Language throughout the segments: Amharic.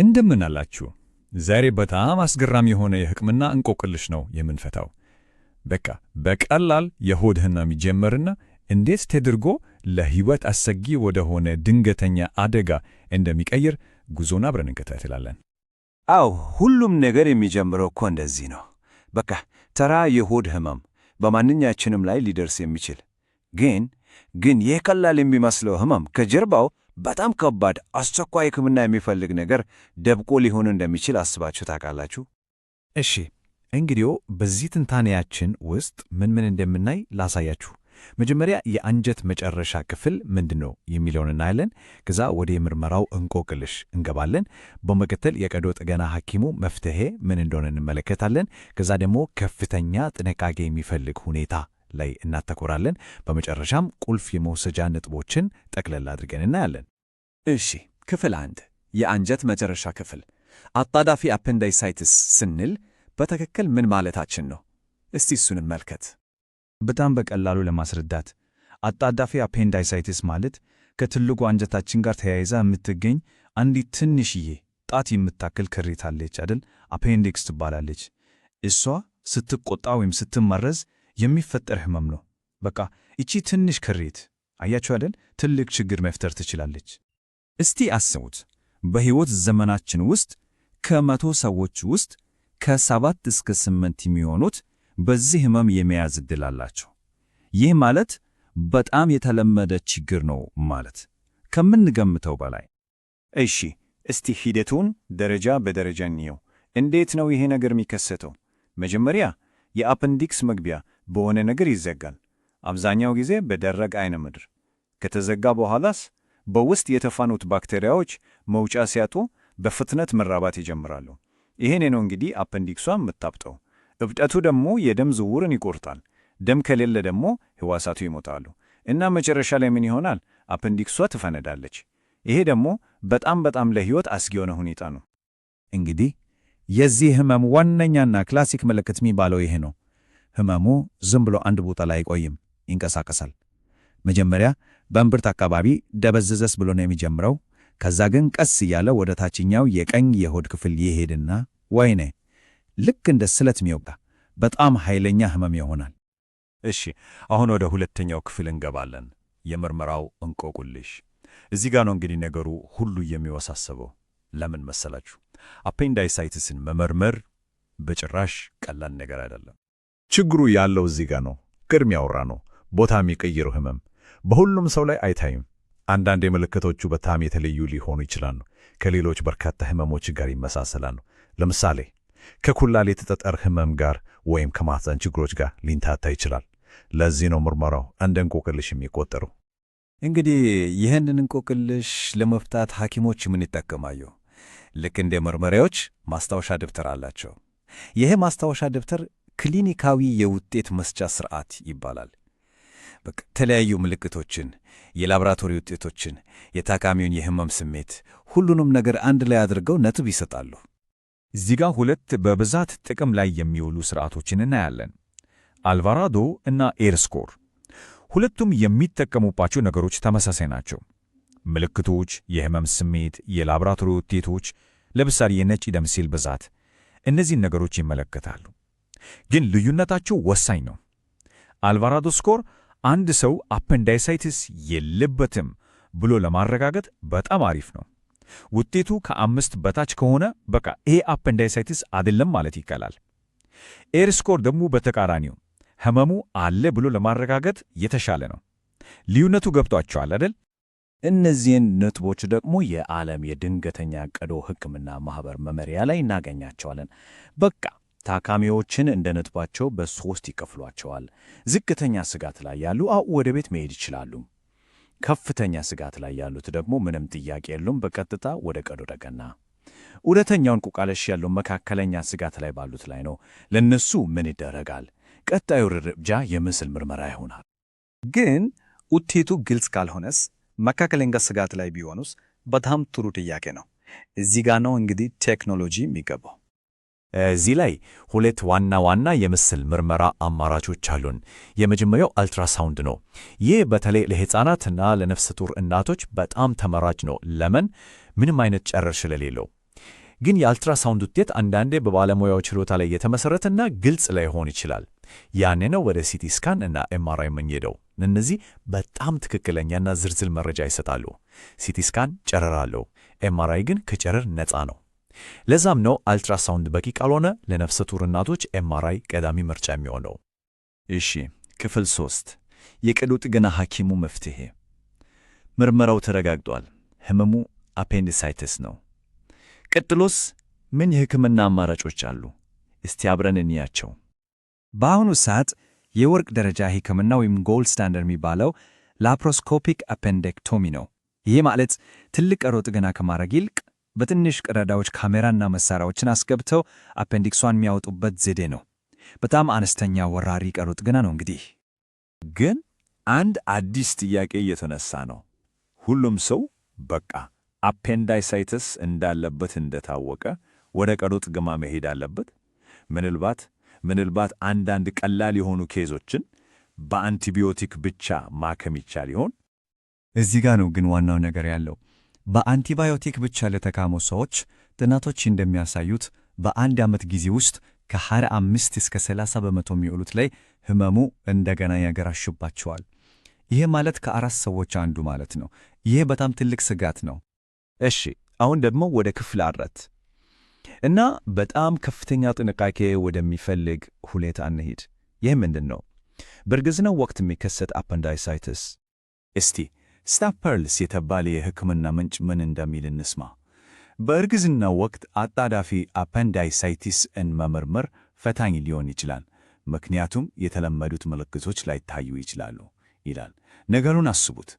እንደምን አላችሁ። ዛሬ በጣም አስገራሚ የሆነ የሕክምና እንቆቅልሽ ነው የምንፈታው። በቃ በቀላል የሆድ ህመም ይጀመርና እንዴት ተደርጎ ለህይወት አሰጊ ወደሆነ ድንገተኛ አደጋ እንደሚቀይር ጉዞን አብረን እንከታተላለን። አዎ ሁሉም ነገር የሚጀምረው እኮ እንደዚህ ነው። በቃ ተራ የሆድ ህመም በማንኛችንም ላይ ሊደርስ የሚችል ግን ግን ይህ ቀላል የሚመስለው ህመም ከጀርባው በጣም ከባድ አስቸኳይ ሕክምና የሚፈልግ ነገር ደብቆ ሊሆን እንደሚችል አስባችሁ ታውቃላችሁ? እሺ እንግዲዮ በዚህ ትንታኔያችን ውስጥ ምን ምን እንደምናይ ላሳያችሁ። መጀመሪያ የአንጀት መጨረሻ ክፍል ምንድን ነው የሚለውን እናያለን። ከዛ ወደ የምርመራው እንቆቅልሽ እንገባለን። በመከተል የቀዶ ጥገና ሐኪሙ መፍትሄ ምን እንደሆነ እንመለከታለን። ከዛ ደግሞ ከፍተኛ ጥንቃቄ የሚፈልግ ሁኔታ ላይ እናተኮራለን። በመጨረሻም ቁልፍ የመውሰጃ ነጥቦችን ጠቅለል አድርገን እናያለን። እሺ፣ ክፍል አንድ የአንጀት መጨረሻ ክፍል አጣዳፊ አፐንዳይሳይትስ ስንል በትክክል ምን ማለታችን ነው? እስቲ እሱን እንመልከት። በጣም በቀላሉ ለማስረዳት አጣዳፊ አፔንዳይሳይትስ ማለት ከትልቁ አንጀታችን ጋር ተያይዛ የምትገኝ አንዲት ትንሽዬ ጣት የምታክል ክሬት አለች አደል? አፔንዲክስ ትባላለች። እሷ ስትቆጣ ወይም ስትመረዝ የሚፈጠር ህመም ነው። በቃ እቺ ትንሽ ክሬት አያችሁ አይደል ትልቅ ችግር መፍጠር ትችላለች። እስቲ አስቡት በህይወት ዘመናችን ውስጥ ከመቶ ሰዎች ውስጥ ከሰባት እስከ ስምንት የሚሆኑት በዚህ ህመም የመያዝ ዕድል አላቸው። ይህ ማለት በጣም የተለመደ ችግር ነው ማለት ከምንገምተው በላይ። እሺ እስቲ ሂደቱን ደረጃ በደረጃ እንየው። እንዴት ነው ይሄ ነገር የሚከሰተው? መጀመሪያ የአፐንዲክስ መግቢያ በሆነ ነገር ይዘጋል። አብዛኛው ጊዜ በደረቅ አይነ ምድር። ከተዘጋ በኋላስ በውስጥ የተፋኑት ባክቴሪያዎች መውጫ ሲያጡ በፍጥነት መራባት ይጀምራሉ። ይህን ነው እንግዲህ አፐንዲክሷ የምታብጠው። እብጠቱ ደግሞ የደም ዝውውርን ይቆርጣል። ደም ከሌለ ደግሞ ህዋሳቱ ይሞታሉ እና መጨረሻ ላይ ምን ይሆናል? አፐንዲክሷ ትፈነዳለች። ይሄ ደግሞ በጣም በጣም ለህይወት አስጊ የሆነ ሁኔታ ነው። እንግዲህ የዚህ ህመም ዋነኛና ክላሲክ ምልክት የሚባለው ይሄ ነው። ህመሙ ዝም ብሎ አንድ ቦታ ላይ አይቆይም፣ ይንቀሳቀሳል። መጀመሪያ በእምብርት አካባቢ ደበዘዘስ ብሎ ነው የሚጀምረው። ከዛ ግን ቀስ እያለ ወደ ታችኛው የቀኝ የሆድ ክፍል ይሄድና ወይኔ ልክ እንደ ስለት የሚወጋ በጣም ኃይለኛ ህመም ይሆናል። እሺ አሁን ወደ ሁለተኛው ክፍል እንገባለን፣ የምርመራው እንቆቁልሽ። እዚህ ጋር ነው እንግዲህ ነገሩ ሁሉ የሚወሳሰበው። ለምን መሰላችሁ? አፔንዳይሳይትስን መመርመር በጭራሽ ቀላል ነገር አይደለም። ችግሩ ያለው እዚህ ጋር ነው። ቅድም ያወራ ነው ቦታ የሚቀይረው ህመም በሁሉም ሰው ላይ አይታይም። አንዳንድ የምልክቶቹ በጣም የተለዩ ሊሆኑ ይችላሉ። ከሌሎች በርካታ ህመሞች ጋር ይመሳሰላሉ። ለምሳሌ ከኩላሊት የተጠጠር ህመም ጋር ወይም ከማህፀን ችግሮች ጋር ሊንታታ ይችላል። ለዚህ ነው ምርመራው እንደ እንቆቅልሽ የሚቆጠሩ። እንግዲህ ይህንን እንቆቅልሽ ለመፍታት ሐኪሞች ምን ይጠቀማሉ? ልክ እንደ መርመሪያዎች ማስታወሻ ደብተር አላቸው። ይህ ማስታወሻ ደብተር ክሊኒካዊ የውጤት መስጫ ስርዓት ይባላል። የተለያዩ ምልክቶችን፣ የላቦራቶሪ ውጤቶችን፣ የታካሚውን የህመም ስሜት፣ ሁሉንም ነገር አንድ ላይ አድርገው ነጥብ ይሰጣሉ። እዚህ ጋር ሁለት በብዛት ጥቅም ላይ የሚውሉ ስርዓቶችን እናያለን፣ አልቫራዶ እና ኤርስኮር። ሁለቱም የሚጠቀሙባቸው ነገሮች ተመሳሳይ ናቸው። ምልክቶች፣ የህመም ስሜት፣ የላቦራቶሪ ውጤቶች፣ ለምሳሌ የነጭ ደም ሴል ብዛት፣ እነዚህን ነገሮች ይመለከታሉ። ግን ልዩነታቸው ወሳኝ ነው። አልቫራዶ ስኮር አንድ ሰው አፐንዳይሳይትስ የለበትም ብሎ ለማረጋገጥ በጣም አሪፍ ነው። ውጤቱ ከአምስት በታች ከሆነ በቃ ይሄ አፐንዳይሳይትስ አይደለም ማለት ይቀላል። ኤር ስኮር ደግሞ በተቃራኒው ህመሙ አለ ብሎ ለማረጋገጥ የተሻለ ነው። ልዩነቱ ገብቷቸዋል አይደል? እነዚህን ነጥቦች ደግሞ የዓለም የድንገተኛ ቀዶ ሕክምና ማኅበር መመሪያ ላይ እናገኛቸዋለን። በቃ ታካሚዎችን እንደ ነጥባቸው በሶስት ይከፍሏቸዋል። ዝቅተኛ ስጋት ላይ ያሉ አው ወደ ቤት መሄድ ይችላሉ። ከፍተኛ ስጋት ላይ ያሉት ደግሞ ምንም ጥያቄ የሉም፣ በቀጥታ ወደ ቀዶ ደገና። ሁለተኛውን ቁቃለሽ ያለው መካከለኛ ስጋት ላይ ባሉት ላይ ነው። ለነሱ ምን ይደረጋል? ቀጣዩ እርምጃ የምስል ምርመራ ይሆናል። ግን ውጤቱ ግልጽ ካልሆነስ? መካከለኛ ስጋት ላይ ቢሆኑስ? በጣም ጥሩ ጥያቄ ነው። እዚህ ጋ ነው እንግዲህ ቴክኖሎጂ የሚገባው። እዚህ ላይ ሁለት ዋና ዋና የምስል ምርመራ አማራጮች አሉን። የመጀመሪያው አልትራሳውንድ ነው። ይህ በተለይ ለሕፃናትና ለነፍሰ ጡር እናቶች በጣም ተመራጭ ነው። ለምን? ምንም አይነት ጨረር ስለሌለው። ግን የአልትራሳውንድ ውጤት አንዳንዴ በባለሙያው ችሎታ ላይ የተመሠረተና ግልጽ ላይሆን ይችላል። ያኔ ነው ወደ ሲቲ ስካን እና ኤምአርአይ የምንሄደው። እነዚህ በጣም ትክክለኛና ዝርዝር መረጃ ይሰጣሉ። ሲቲ ስካን ጨረር አለው፣ ኤምአርአይ ግን ከጨረር ነፃ ነው። ለዛም ነው አልትራሳውንድ በቂ ካልሆነ ለነፍሰ ጡር እናቶች ኤምአርአይ ቀዳሚ ምርጫ የሚሆነው። እሺ፣ ክፍል ሶስት የቀዶ ጥገና ሐኪሙ መፍትሄ። ምርመራው ተረጋግጧል፣ ህመሙ አፔንዲሳይተስ ነው። ቀጥሎስ ምን የህክምና አማራጮች አሉ? እስቲ አብረን እንያቸው። በአሁኑ ሰዓት የወርቅ ደረጃ ህክምና ወይም ጎልድ ስታንደርድ የሚባለው ላፕሮስኮፒክ አፔንዴክቶሚ ነው። ይህ ማለት ትልቅ ቀዶ ጥገና ከማድረግ ይልቅ በትንሽ ቀዳዳዎች ካሜራና መሳሪያዎችን አስገብተው አፔንዲክሷን የሚያወጡበት ዘዴ ነው። በጣም አነስተኛ ወራሪ ቀሩጥ ገና ነው። እንግዲህ ግን አንድ አዲስ ጥያቄ እየተነሳ ነው። ሁሉም ሰው በቃ አፔንዳይሳይተስ እንዳለበት እንደታወቀ ወደ ቀሩጥ ግማ መሄድ አለበት። ምንልባት ምንልባት አንዳንድ ቀላል የሆኑ ኬዞችን በአንቲቢዮቲክ ብቻ ማከም ይቻል ይሆን? እዚህ ጋር ነው ግን ዋናው ነገር ያለው። በአንቲባዮቲክ ብቻ ለተካሙ ሰዎች ጥናቶች እንደሚያሳዩት በአንድ ዓመት ጊዜ ውስጥ ከ25 እስከ 30 በመቶ የሚውሉት ላይ ህመሙ እንደገና ያገራሽባቸዋል። ይህ ማለት ከአራት ሰዎች አንዱ ማለት ነው። ይህ በጣም ትልቅ ስጋት ነው። እሺ፣ አሁን ደግሞ ወደ ክፍል አራት እና በጣም ከፍተኛ ጥንቃቄ ወደሚፈልግ ሁኔታ እንሂድ። ይህ ምንድን ነው? በእርግዝናው ወቅት የሚከሰት አፐንዳይሳይትስ እስቲ ስታፍ ፐርልስ የተባለ የሕክምና ምንጭ ምን እንደሚል እንስማ። በእርግዝናው ወቅት አጣዳፊ አፐንዳይሳይቲስን መመርመር ፈታኝ ሊሆን ይችላል፣ ምክንያቱም የተለመዱት ምልክቶች ላይታዩ ይችላሉ ይላል። ነገሩን አስቡት።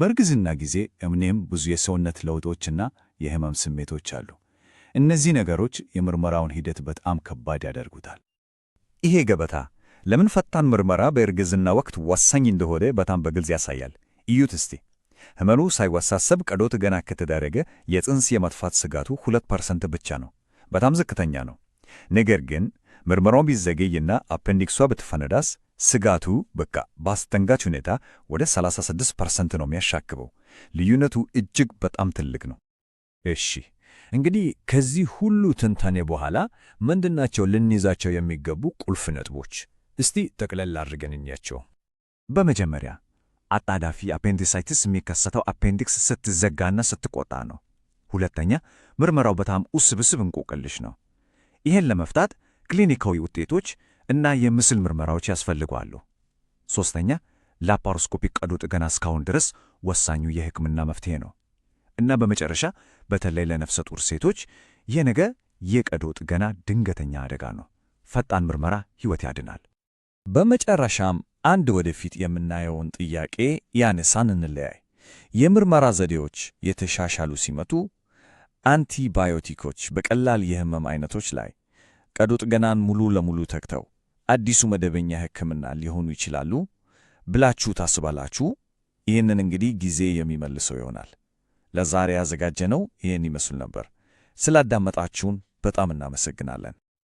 በእርግዝና ጊዜ እምኔም ብዙ የሰውነት ለውጦችና የህመም ስሜቶች አሉ። እነዚህ ነገሮች የምርመራውን ሂደት በጣም ከባድ ያደርጉታል። ይሄ ገበታ ለምን ፈጣን ምርመራ በእርግዝና ወቅት ወሳኝ እንደሆነ በጣም በግልጽ ያሳያል። እዩት እስቲ። ህመሙ ሳይወሳሰብ ቀዶ ጥገና ከተደረገ የፅንስ የመጥፋት ስጋቱ 2% ብቻ ነው። በጣም ዝቅተኛ ነው። ነገር ግን ምርመራው ቢዘገይና አፔንዲክሷ ብትፈነዳስ ስጋቱ በቃ በአስደንጋጭ ሁኔታ ወደ 36% ነው የሚያሻክበው። ልዩነቱ እጅግ በጣም ትልቅ ነው። እሺ እንግዲህ ከዚህ ሁሉ ትንታኔ በኋላ ምንድናቸው ልንይዛቸው የሚገቡ ቁልፍ ነጥቦች? እስቲ ጠቅለል አድርገን እንያቸው። በመጀመሪያ አጣዳፊ አፔንዲሳይትስ የሚከሰተው አፔንዲክስ ስትዘጋና ስትቆጣ ነው። ሁለተኛ፣ ምርመራው በጣም ውስብስብ እንቆቅልሽ ነው። ይህን ለመፍታት ክሊኒካዊ ውጤቶች እና የምስል ምርመራዎች ያስፈልጋሉ። ሶስተኛ፣ ላፓሮስኮፒክ ቀዶ ጥገና እስካሁን ድረስ ወሳኙ የሕክምና መፍትሄ ነው እና በመጨረሻ በተለይ ለነፍሰ ጡር ሴቶች የነገ የቀዶ ጥገና ድንገተኛ አደጋ ነው። ፈጣን ምርመራ ሕይወት ያድናል። በመጨረሻም አንድ ወደፊት የምናየውን ጥያቄ ያነሳን እንለያይ። የምርመራ ዘዴዎች የተሻሻሉ ሲመጡ አንቲባዮቲኮች በቀላል የህመም አይነቶች ላይ ቀዶ ጥገናን ሙሉ ለሙሉ ተክተው አዲሱ መደበኛ ህክምና ሊሆኑ ይችላሉ ብላችሁ ታስባላችሁ? ይህንን እንግዲህ ጊዜ የሚመልሰው ይሆናል። ለዛሬ ያዘጋጀነው ይህን ይመስል ነበር። ስላዳመጣችሁን በጣም እናመሰግናለን።